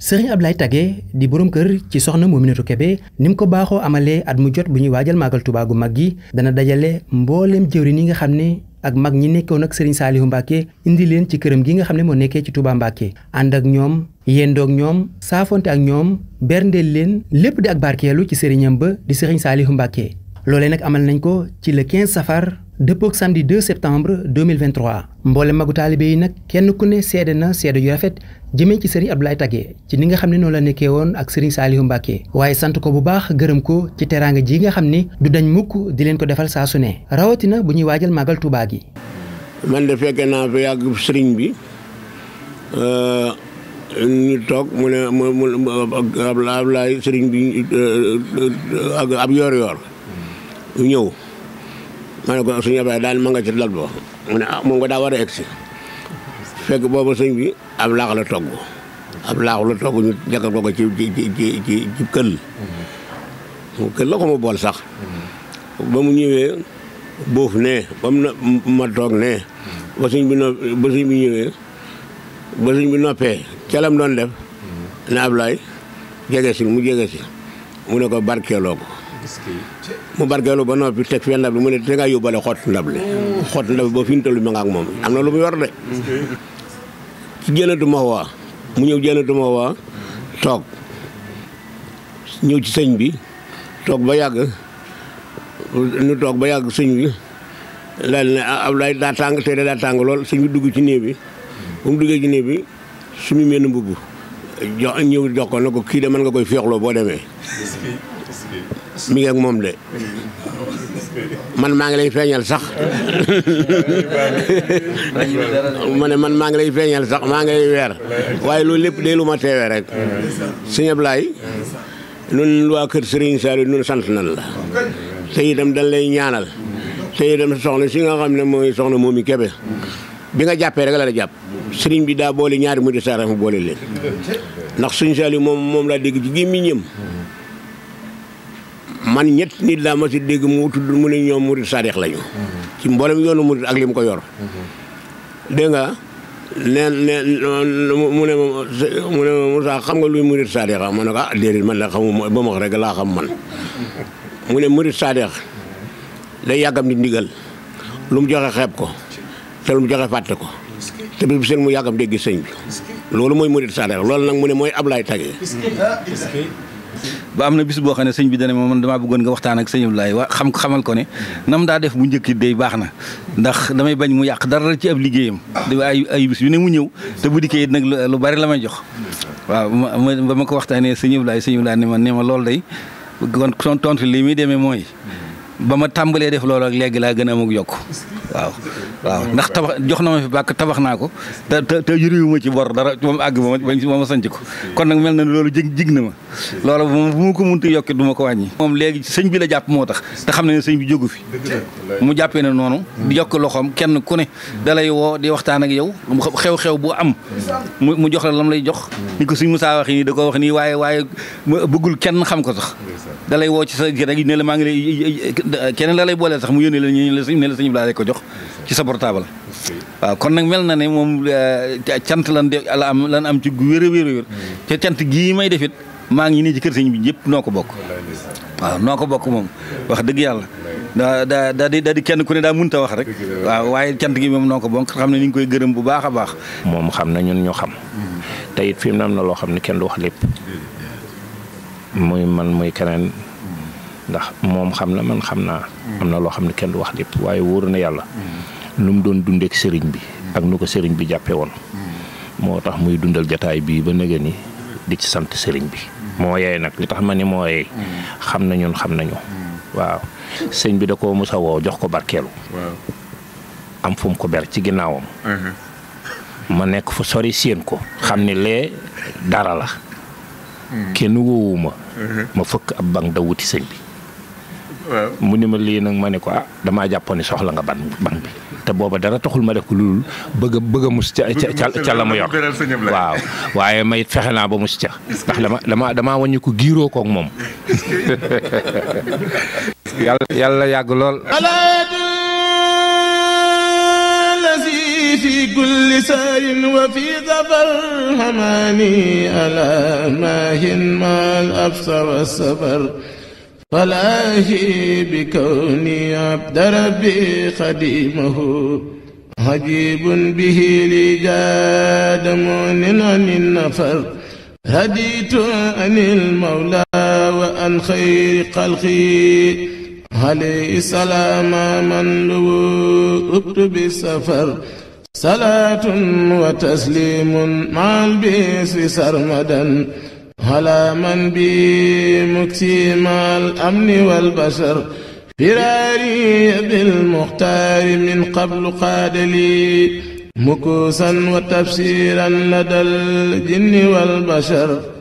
sëriñ Ablaye Tagué di borom kër ci soxna Mouminatou Kébé ni mu ko baaxoo amalee at mu jot bu ñuy waajal màggal Tuubaa gu mag gi dana dajale mbooleem jëwriñ ni nga xam ne ak mag ñi nekkoon ak sëriñ Saalihu Mbàkke indi leen ci këram gi nga xam ne moo nekkee ci Tuubaa Mbàkke ànd ak ñoom yendoog ñoom saafonte ak ñoom berndeel leen lépp di ak barkeelu ci sëriñam ba di sëriñ Saalihu Mbàkke loolee nag amal nañ ko ci le 15 safar dëppook samedi 2 septembre 2023 mboole magu taalibe yi nag kenn ku ne seede na seede yu rafet jëmee ci sëriñ laay Tagué ci ni nga xam ne noonu la nekkee woon ak sëriñ Saliou Mbacké waaye sant ko bu baax gërëm ko ci teraanga ji nga xam ne du dañ mukk di leen ko defal saa su ne rawatina bu ñuy waajal màggal Touba gi. man de fekkee naa fi yàgg sëriñ bi ñu toog mu ne mu mu Abdoulaye sëriñ bi ak ab yor-yor ñëw. ma ne ko suñu Ablaye daal ma nga ci lal ba mu ne ah moom nga daa war a egg si fekk boobu bi ab laax la togg ab laax la togg ñu jàkkal ko ko ci ci ci ci ci bool sax. ba mu ñëwee boof nee ba mu ma toog nee. ba bi no ba bi ñëwee ba sëñ def. ne Ablaye jege si mu jege si mu ne mu barkeelu ba noppi teg fee ndab li mu ne te ngaa yóbbale xott ndab li xott ndab ba fi mu toll ma ak moom am na lu mu yor de ci jënatu Mahwa mu ñëw jënatu Mahwa toog ñëw ci sëñ bi toog ba yàgg nu toog ba yàgg sëñ bi daal ne ah Ablaye daa tàng tey daa tàng lool sëñ bi dugg ci néeg bi bu mu duggee ci néeg bi su mu mel ni mbubb jox ñëw jox ko na ko kii de mën nga koy féexloo boo demee mi ngi moom de man maa ngi lay feeñal sax ma ne man maa ngi lay feeñal sax maa ngi lay weer waaye loolu lépp day lu ma teewee rek sëñ Ablaye nun waa kër Serigne Saliou nun sant nan la te itam dañ lay ñaanal te itam soxna si nga xam ne mooy soxna moom i kebe bi nga jàppee rek la la jàpp sëriñ bi daa boole ñaari mu di saara mu boole leen ndax Serigne Saliou moom moom laa dégg i gémmiñam man ñett nit laa ma si dégg mu tudd mu ne ñoom murit saadix lañu. ci mboolem yoonu murit ak li mu ko yor. dégg nga nee mu ne mu ne Moussa xam nga luy murit saadix ah ma ne ko ah déedéet man la xamuma ba ma wax rek laa xam man. mu ne murit saadix day yàggam di ndigal lu mu joxe xeeb ko te lu mu joxe fàtte ko. te bi seen mu yàggam dégg sëñ bi. loolu mooy murit saadix loolu nag mu ne mooy Ablaye Tage. ba am na bis boo xam ne sëñ bi dane ma man damaa bëggoon nga waxtaan ak sëñ Abdoulaye wa xam xamal ko ne nam daa def bu njëkk day baax na ndax damay bañ mu yàq dara ci ab liggéeyam da ay ay bis yu ne mu ñëw te bu dikkee nag lu bari la may jox waaw ba ma ko waxtaanee sëñ Abdoulaye sëñ Abdoulaye ne ma ne ma loolu day kon tontu li muy demee mooy ba ma tàmbalee def loolu ak léegi laa gën a amug yokk waaw waaw ndax tabax jox na ma fi bàkk tabax naa ko te te te yëriwuma ci bor dara ba mu àgg ba ma ma sanc ko kon nag mel na loolu jig jig na ma loolu moom bu ma ko mënta du ma ko wàññi moom léegi sëñ bi la jàpp moo tax te xam ne ne sëñ bi jógu fi mu jàppee ne noonu di yokk loxoom kenn ku ne da lay woo di waxtaan ak yow xew-xew bu am mu jox la lam lay jox ni ko mu saa waxee nii da ko wax nii waaye waaye bëggul kenn xam ko sax da lay woo ci sa rek ne la maa ngi lay Euh, keneen la lay booleel sax mu yónnee la ñu ne la sëñ bi laa ko jox ci sa portable. waaw kon nag mel na ne moom euh, cant lan de la am lan am ci wér a wér a te cant gii may defit maa ngi nii ci kër bi yëpp noo ko bokk. waaw noo ko bokk moom wax dëgg yàlla. daa daa daa di kenn ku ne daa mënta wax rek. waaw waaye cant gi moom noo ko bokk xam ne ni ngi koy gërëm bu baax a baax. moom xam na ñun ñu xam. te it fi am na loo xam ne kenn du wax lépp. muy man muy keneen. ndax moom xam na man xam naa. am na loo xam ne kenn wax lépp waaye wóor na yàlla. nu mu doon dundeek sëriñ bi. ak nu ko sëriñ bi jàppee woon. moo tax muy dundal jataay bii ba nëgë ni di ci sant sëriñ bi. moo yey nag li tax ma ni moo yey xam na ñun xam nañu. waaw sëñ bi da koo musa woo jox ko barkeelu. am fu ko ber ci ginnaawam. Uh-huh. ma nekk fu sori séen ko xam ne lee dara la. Hmm. kenn woowu uh-huh. ma. fëkk ab bang da wuti sëñ bi. mu ni ma lii nag ma ko ah damaa jàppoon soxla nga ban bi te booba dara taxul ma def ko loolu bëgg a bëgg a mus ca waaw waaye may fexe naa ba mus ca ndax dama dama damaa wàññi ko giiroo koog moom yàlla yàlla yàgg lool في كل سار وفي ظفر حماني ألا ماهن ما الأبصر والسفر فلاهي بكوني عبد ربي خديمه عجيب به لي جاد مؤن عن النفر هديت عن المولى وعن خير خلقي عليه السلام من لوؤت بالسفر صلاة وتسليم مع البئس سرمدا هلا من بي مكتيم الأمن والبشر فراري بالمختار من قبل قاد لي مكوسا وتفسيرا لدى الجن والبشر